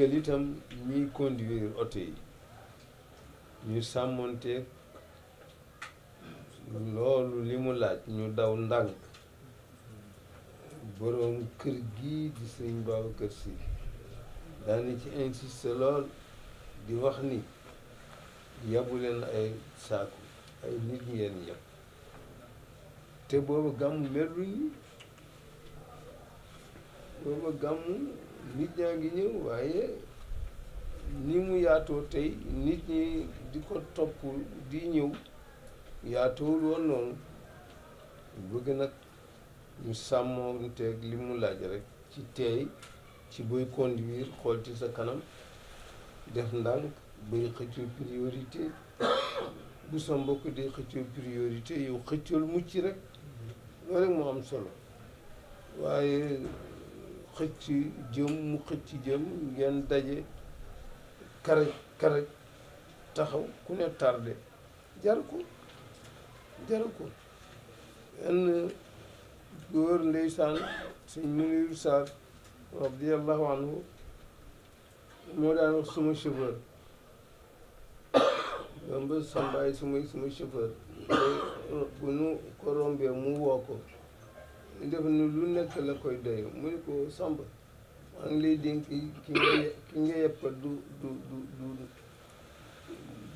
digal itam ñiy conduire oto yi ñu sàmmonteeg loolu li mu laaj ñu daw ndànk boroom kër gi di sëriñ Babacar Sy daana ci insiste lool di wax ni yabu leen ay saaku ay nit ngeen yab te booba gàmm meluñu booba gàmm nit ñaa ngi ñëw waaye ni mu yaatoo tey nit ñi di ko topp di ñëw yaatoowul woon noonu bëgg nag ñu sàmmoonteeg li mu laaj rekk ci teey ci buy conduire xool ci sa kanam def ndànk buy xëccoo priorité bu sa mbokk di xëccoo priorité yow xëccool mucc rek loolu rek moo am solo waaye xëcc jëm mu xëcc jëm ngeen daje karaj karaj taxaw ku ne tardé jaru ko jaru ko benn góor ndeysaan suñ Muniru Sarr radiallahu anhu moo daan suma chauffeur dom ba sambaay sumay suma chauffeur bu ko rombee mu woo lu nekk la koy doye mu ko samb maa ngi lay dénk ki nga ki nga yeppal du du du du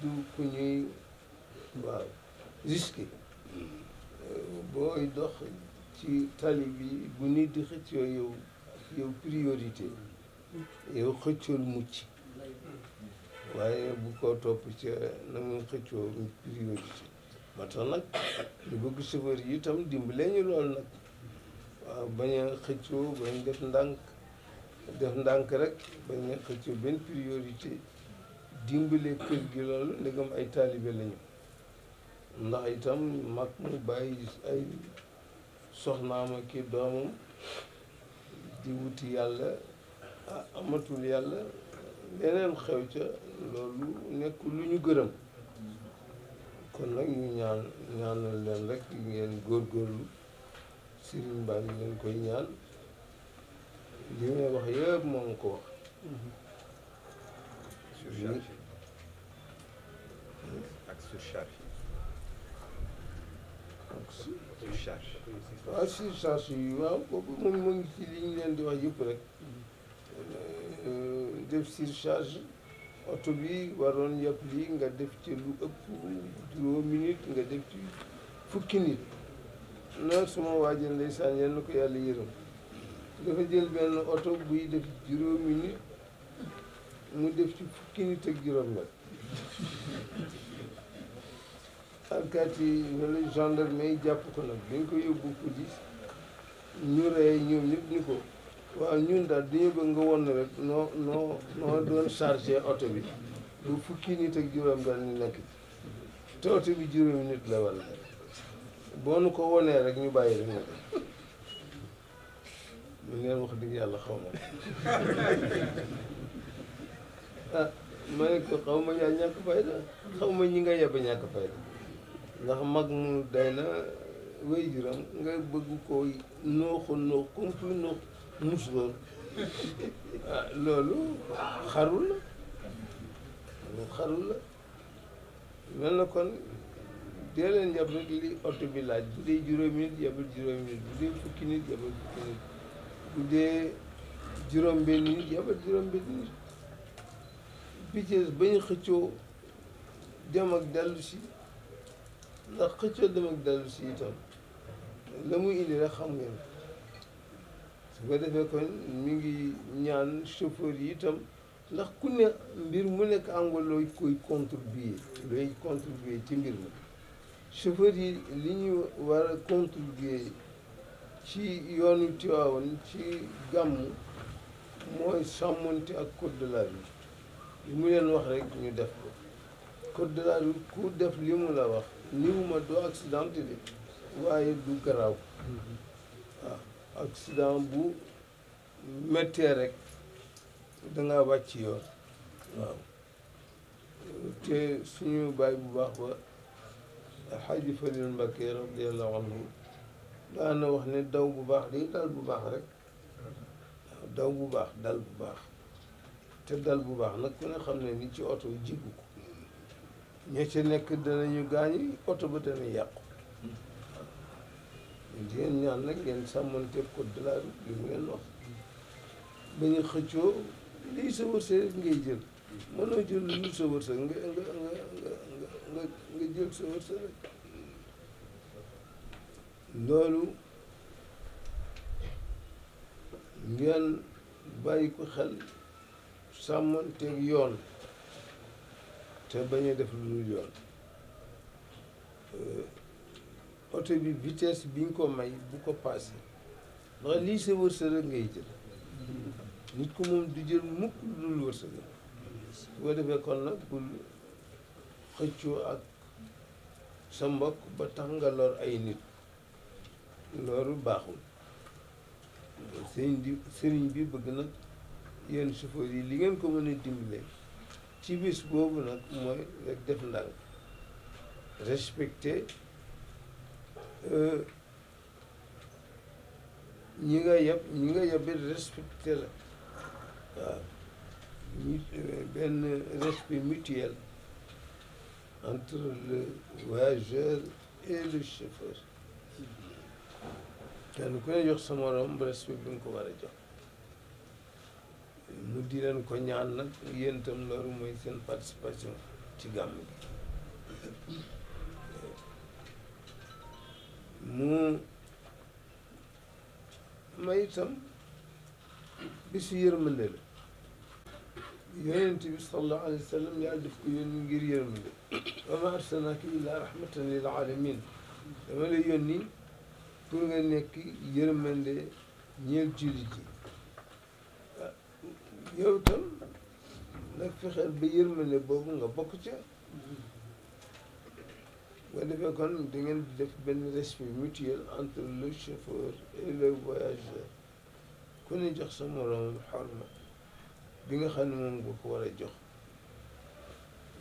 du ku ñuy waaw jusque booy dox ci tali bi bu nit di xëccoo yow yow priorité yow xëccool mucc waaye bu ko topp ca na muy xëccoo priorité ba tax nag ñu bëgg chauffeur yi itam dimbale ñu lool nag waaw bañ xëccoo bañ def ndànk def ndànk rek bañ a xëccoo benn priorité dimbale kër gi loolu ndegam ay taalibe lañu ndax itam mag mu bàyyi ay soxnaam ak i doomam di wuti yàlla ah, amatul yàlla leneen xew ca loolu nekk lu ñu gërëm kon nag ñu ñaan ñaanal leen rek ngeen góorgóorlu sëriñ baa ngi leen may wax yëpp ko wax surcharge ak surcharge ah, waaw surcharge yi moom ci li ñu leen di wax yëpp rek mm-hmm. euh, def surcharge oto bi waroon yàpp lii nga def ci lu ëpp juróom minute nga def ci fukki nit nag suma waajur ndeysaan yal na ko yàlla yërëm dafa jël benn oto buy def juróomi nit mu def ci fukki nit ak juróom la alkaati yi wala gendarme jàpp ko nag dañ ko yóbbu police ñu rey ñoom ñëpp ñu ko waaw ñun daal dañu bëgg nga won rek noo noo noo doon chargé oto bi bu fukki nit ak juróom daal ñu nekk te oto bi juróomi nit la wala boo nu ko wonee rek ñu bàyyi rek ñu ñu ngeen wax dëgg yàlla xaw ma ah ma ko xaw ma yaa ñàkk fayda xaw ma ñi nga yebe ñàkk fayda ndax mag mu day na wéy juram nga bëgg koo nooxu noox comme kuy noox mus loolu ah, loolu xarul la xarul la mel na kon dina leen yab rek li oto bi laaj bu dee juróomi nit yabal juróomi nit bu dee fukki nit yabal fukki dee juróom benn nit yabal juróom benn nit bitès bañ xëccoo dem ak dellu si ndax xëccoo dem ak dellu itam la muy indi rek xam ngeen su ko defee kon mi ngi ñaan chauffeur yi itam ndax ku ne mbir mu nekk am nga looy koy contribuer looy contribuer ci mbir mi chauffeur yi li ñu war a contribuer ci yoonu Tivaouane ci gàmmu mooy sàmmante ak code de la li mu leen wax rek ñu def ko code de la ku def li mu la wax niwuma doo accidenté de waaye du garaaw waaw mm-hmm. ah, accident bu méttee rek danga wàcc yoon waaw te suñu bàyyi bu baax ba alxaaji Faliilu Mbàkke radiyallaahu anhu daana wax ne daw bu baax di dal bu baax rek daw bu baax dal bu baax te dal bu baax nag ku ne xam ne ni ci oto jiggu ko ña ca nekk danañu gaañi oto ba dana yàqu di ñaan nag ngeen sàmmante code de la li mu leen wax ba ñu xëccoo lii sa wërsëg ngay jël mënoo jël lu sa wërsëg nga nga nga jóg sa loolu ngeen bàyyi ko xel sàmmanteeg yoon te bañ def lu dul yoon euh, oto bi vitesse biñ ko may bu ko passé lii sa wërsëg ngay jël nit ko moom du jël mukk lu dul wërsëg su ko defee kon nag bul xëccoo ak sa mbokk ba tax nga lor ay nit loolu baaxul sëriñ bi sëriñ bi bëgg nag yéen chauffeur yi li ngeen ko mën a dimbale ci bis boobu nag mooy rek def ndànk respecté euh, ñi nga yab ñi nga yabit la waaw euh, benn respect mutuel entre le voyageur et le chauffeur kenn ku ne jox sa morom respect bi ko war a jox mu di leen ko ñaan nag yéen itam loolu mooy seen participation ci gàmm gi mu may itam bisu yërmande la yonent bi sallallahu alayhi wa sallam yàlla def ko yónni ngir yërmande wa ma arsalnaaka illaa rahmatan lil aalamiin dama lay yónni pour nga nekk yërmande ñeel jullit yi yow itam nag fexeel ba yërmande boobu nga bokk ca boo defee kon da di def benn respect mutuel entre le chauffeur et le voyageur ku ne jox sa moroom xorma bi nga xam ne moom nga ko war a jox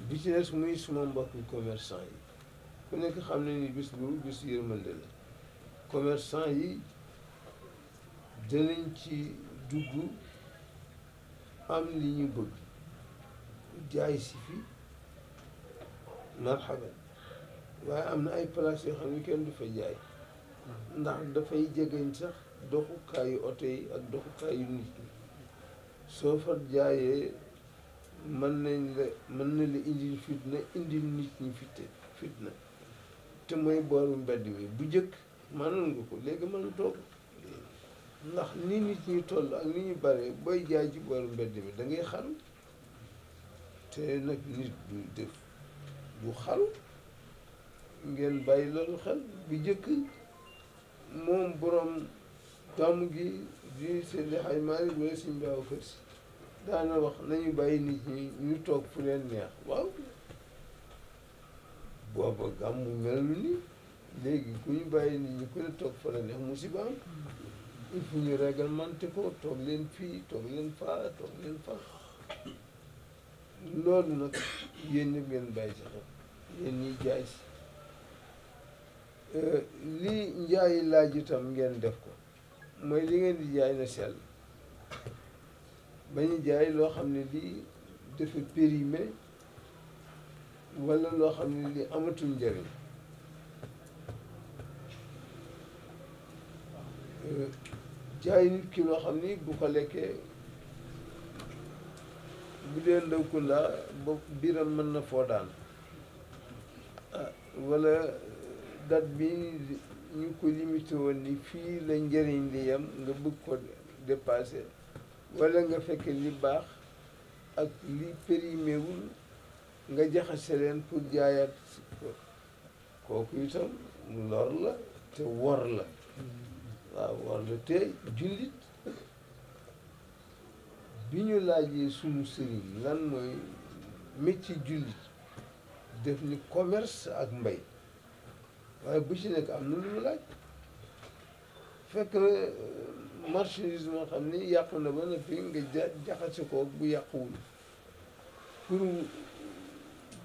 bi ci des muy suma mbokk commerçant yi ku nekk xam ne ni bis bu bis yërmande la commerçant yi danañ ci dugg am li ñu bëgg jaay si fi marhaban waaye am na ay place yoo xam ne kenn du fa jaay hmm. ndax dafay jegeñ sax doxukaayu oto yi ak doxukaayu nit ñi soo fa jaayee mën nañ la mën na la indi fitna indil nit ñi fitna te mooy booru mbedd mi bu jëkk mënoon nga ko léegi na ko ndax ni nit ñi toll ak ni ñu bare booy jaay ci booru mbedd mi dangay ngay xaru te nag nit du def ngeen bàyyi loolu xel bu jëkk moom borom gàmm gi di seen di xaymaari wala suñ baaw kër si daana wax nañu bàyyi nit ñi ñu toog fu leen neex waaw booba gàmmu mel ni léegi ku ñu bàyyi nit ñi ku ne toog fa la neex musiba il faut ñu réglementé ko toog leen fii toog leen faa toog leen faa loolu nag yéen ñëpp ngeen bàyyi si xel yéen jaay si euh, li njaayi laaj itam ngeen def ko mooy li ngeen di jaay na seel bañu jaay loo xam ne lii dafa périmé walla loo xam ne lii amatul njariñ jaay nit ki loo xam ne bu ko lekkee bu dee ndawku laa bopp biiram mën na foo daan ah, walla dat bi ñu ko limité woon ni fii la njëriñ li yam nga bëgg ko dépassé wala nga fekk li baax ak li périméwul nga jaxase leen pour jaayaat si kooku itam lor la te wor la te jullit bi ñu laajee sunu sëriñ lan mooy métier jullit def ni commerce ak mbay waaye bu ci nekk am na lu mu laaj fekk marchandise moo xam ni yàqu na ba bi nga ja jaxase ko bu yàquwul pour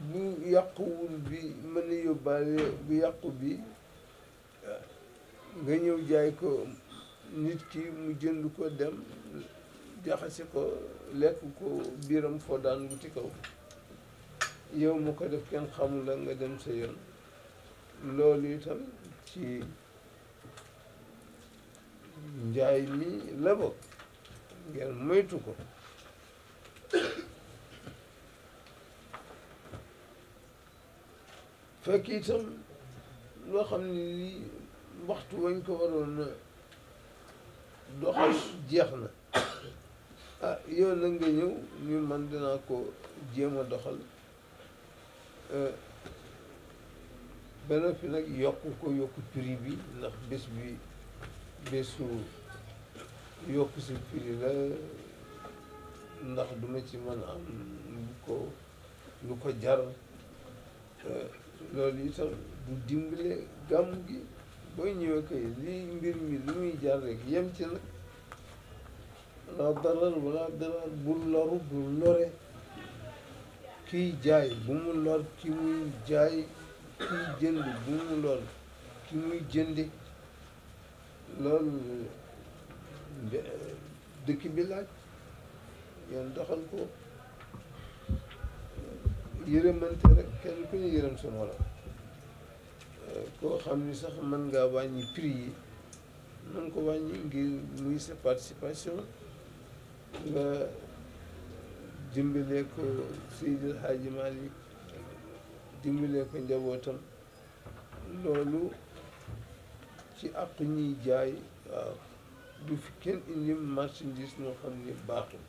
bu yàquwul bi mën a yóbbaale bu yàqu bi nga ñëw jaay ko nit ki mu jënd ko dem jaxase ko lekk ko biiram foo daan wuti kaw yow mu ko def kenn xamul la nga dem sa yoon loolu itam ci njaay mi la ngeen moytu ko fekk itam loo xam ne lii waxtu wañ ko waroon na doxal jeex na ah yow la nga ñëw ñu man dinaa ko jéem a doxal euh, benn fi nag yokk ko yokk prix bi ndax bés bi bésu yokk si prix la ndax duma ci mën am lu ko lu ko jar loolu itam du dimbale gàmm gi booy ñëwee kay lii mbir mi lu muy jar rek yem ci nag wala darar wala darar bul loru bul lore kiy jaay bu mu lor ki muy jaay kiy jënd bu mu lor ki muy jëndi loolu dëkk bi laaj ngeen doxal ko yërëmante rek kenn ku ñu yërëm seen wala koo xam ni sax mën nga wàññi prix yi mën ko wàññi ngir muy sa participation nga dimbalee ko Seydil Hadji Malick dimbalee ko njabootam loolu ci àq ñiy jaay waaw du fi kenn indi marchandise moo xam ni baaxul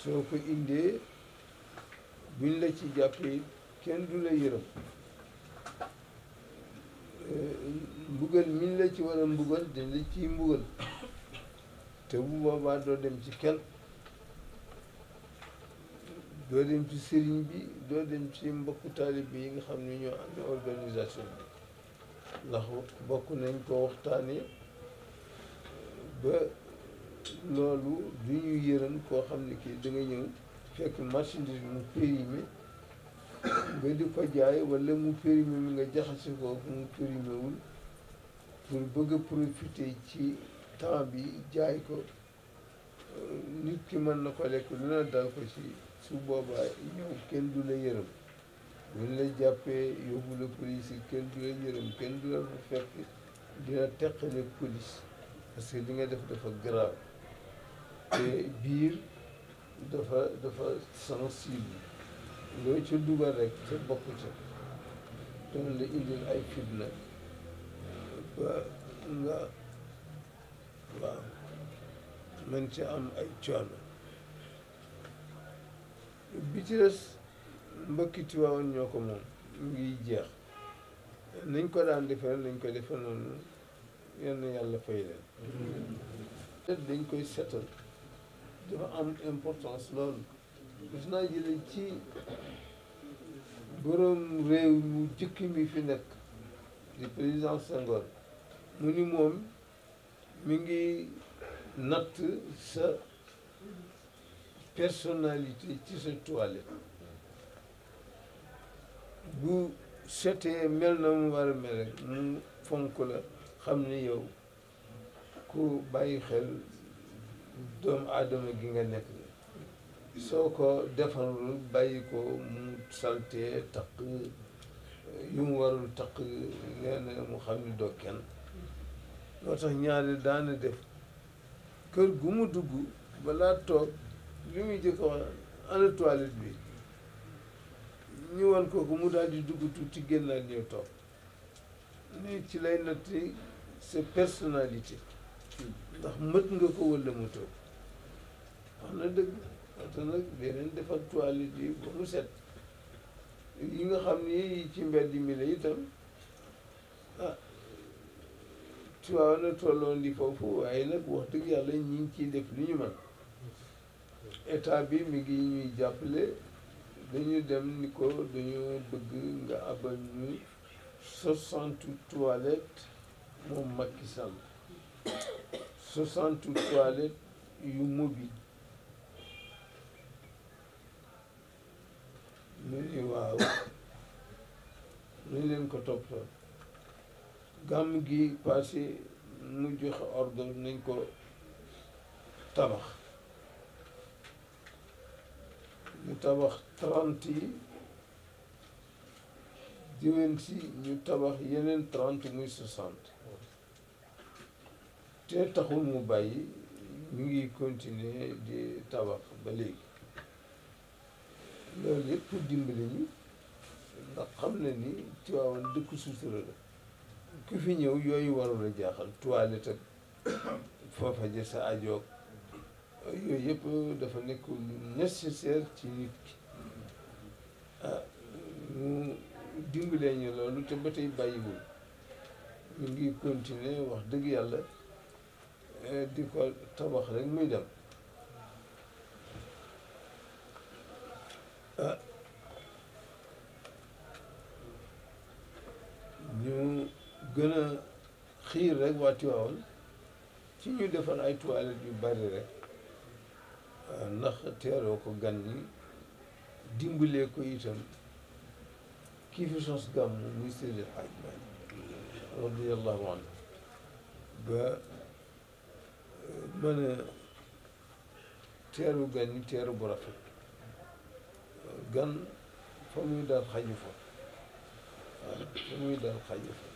soo ko indee buñ la ci jàppee kenn du la yërëm eh, mbugal mi la ci war a mbugal dañ la ciy te bu boobaa doo dem ci kenn doo dem ci sëriñ bi doo dem ci mbokk taalib bi yi nga xam ne ñoo am organisation ndax bokk nañ ko waxtaane ba loolu du ñu yërëm koo xam ne kii da nga ñëw fekk marchandise mu périmé nga di ko jaay wala mu périmé mi nga jaxase koo mu périmé pour bëgg a ci temps bi jaay ko nit ki mën na ko lekk lu na dal ko ci su boobaa ñëw kenn du la yërëm luñ la jàppee yóbbu la police yi kenn du la yërëm kenn du la fa fekk dina teqale police parce que li nga def dafa grave te biir dafa dafa sensible loo ca dugal rek ca bokk ca doon la indil ay fitna ba nga waaw mën ca am ay coono bi mbokki Tiwaawan ñoo ko moom ngi jeex nañ ko daan defee nañ ko defee noonu yenn yàlla fay leen te dañ koy seetal dafa am importance loolu gis naa jële ci boroom réew mu jëkk bi fi nekk di président Senghor mu ni moom mi ngi natt sa personnalité ci sa toilette bu setee mel na mu war a mel mu fonk la xam ni yow ku bàyyi xel doomu aadama gi nga nekk soo ko defarul bàyyi ko mu saltee takk yu mu warul takk leen mu xam ni doo kenn loo tax ñaari daana def kër gu mu dugg balaa toog li muy jëkk wax ana bi ñu wan kooku mu daal di dugg tuuti génnaat ñëw toog lii ci lay natti sa personnalité ndax mët nga ko walla mëtoo wax na dëgg parce que nag beneen defar toilette yi ba mu set yi nga xam ni ci mbedd mi la itam ah tuwaaw na tolloon di foofu waaye nag wax dëgg yàlla ñi ciy def lu ñu mën état bi mi ngi ñuy jàppale dañu dem ni ko dañu bëgg nga abal ñu soixante toilettes moom Macky Sall soixante toilettes yu mobile ñu ni waaw ñu leen ko topp gàmm gi passé mu joxe ordre nañ ko tabax mu tabax trente yi déwén si ñu tabax yeneen trente muy soixante te taxul mu bàyyi ñu ngi continuer di tabax ba léegi loolu yëpp dimbali ñu ndax xam na ni Tiwaawan dëkk sutura la ki fi ñëw yooyu warul a jaaxal toilette ak foofa ja sa ajoog yooyu yëpp dafa nekk nécessaire ci nit ki Euh, dimbalee ñu loolu te ba tey bàyyiwul ñu ngi continuer wax dëgg yàlla euh, di ko tabax rekk muy dem euh, ñu gën a xiir rek waa Tiwaawan ci ñu defar ay toilettes yu bari rekk ndax teeroo ko gan yi dimbalee ko itam kii fi sos gàmm muy Seydi El Hadj Malick radiallahu anhu ba mën a teeru gan yi teeru bu rafet gan fa muy daal xaju fa waaw fa muy daal xaju fa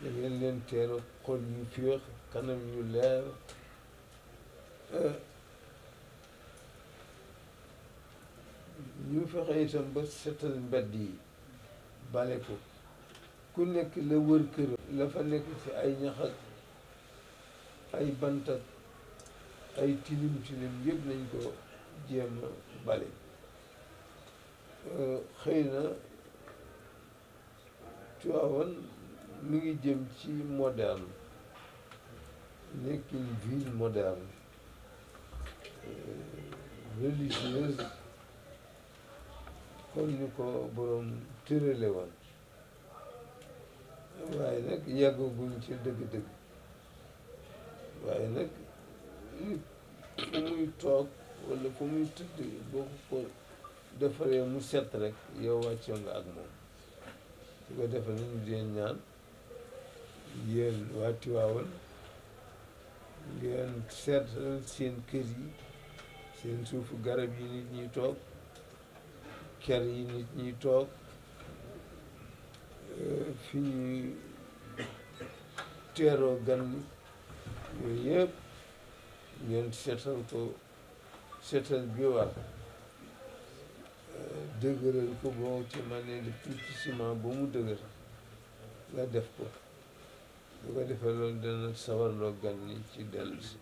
da leen teeru xol yu féex kanam yu leer eh, ñu fexe itam ba setal mbedd yi bale ko ku nekk la wër këram la fa nekk ci ay ñax ay bant ay tilim tilim yëpp nañ ko jéem bale euh, xëy na Tivaouane mu ngi jëm ci moderne nekk ville moderne euh, religieuse comme ni ko borom tërale waaye nag yàggaguñ ci dëgg-dëgg waaye nag nit fu muy toog walla fu muy tëdd boo ko defaree mu set rek yow wàccoo nga ak moom su ko defee nañu dee ñaan yéen waa Tiwaawan ngeen seetal seen kër yi seen suufu garab yi nit ñi toog ker yi nit ñi toog euh, fi ñuy teeroo gan yooyu yëpp ngeen seetal ko seetal bi war euh, dëgëral ko boo ci manee def tuuti ciment ba mu dëgër nga def ko bu ko defee loolu dana sawarloo gan yi ci dellu si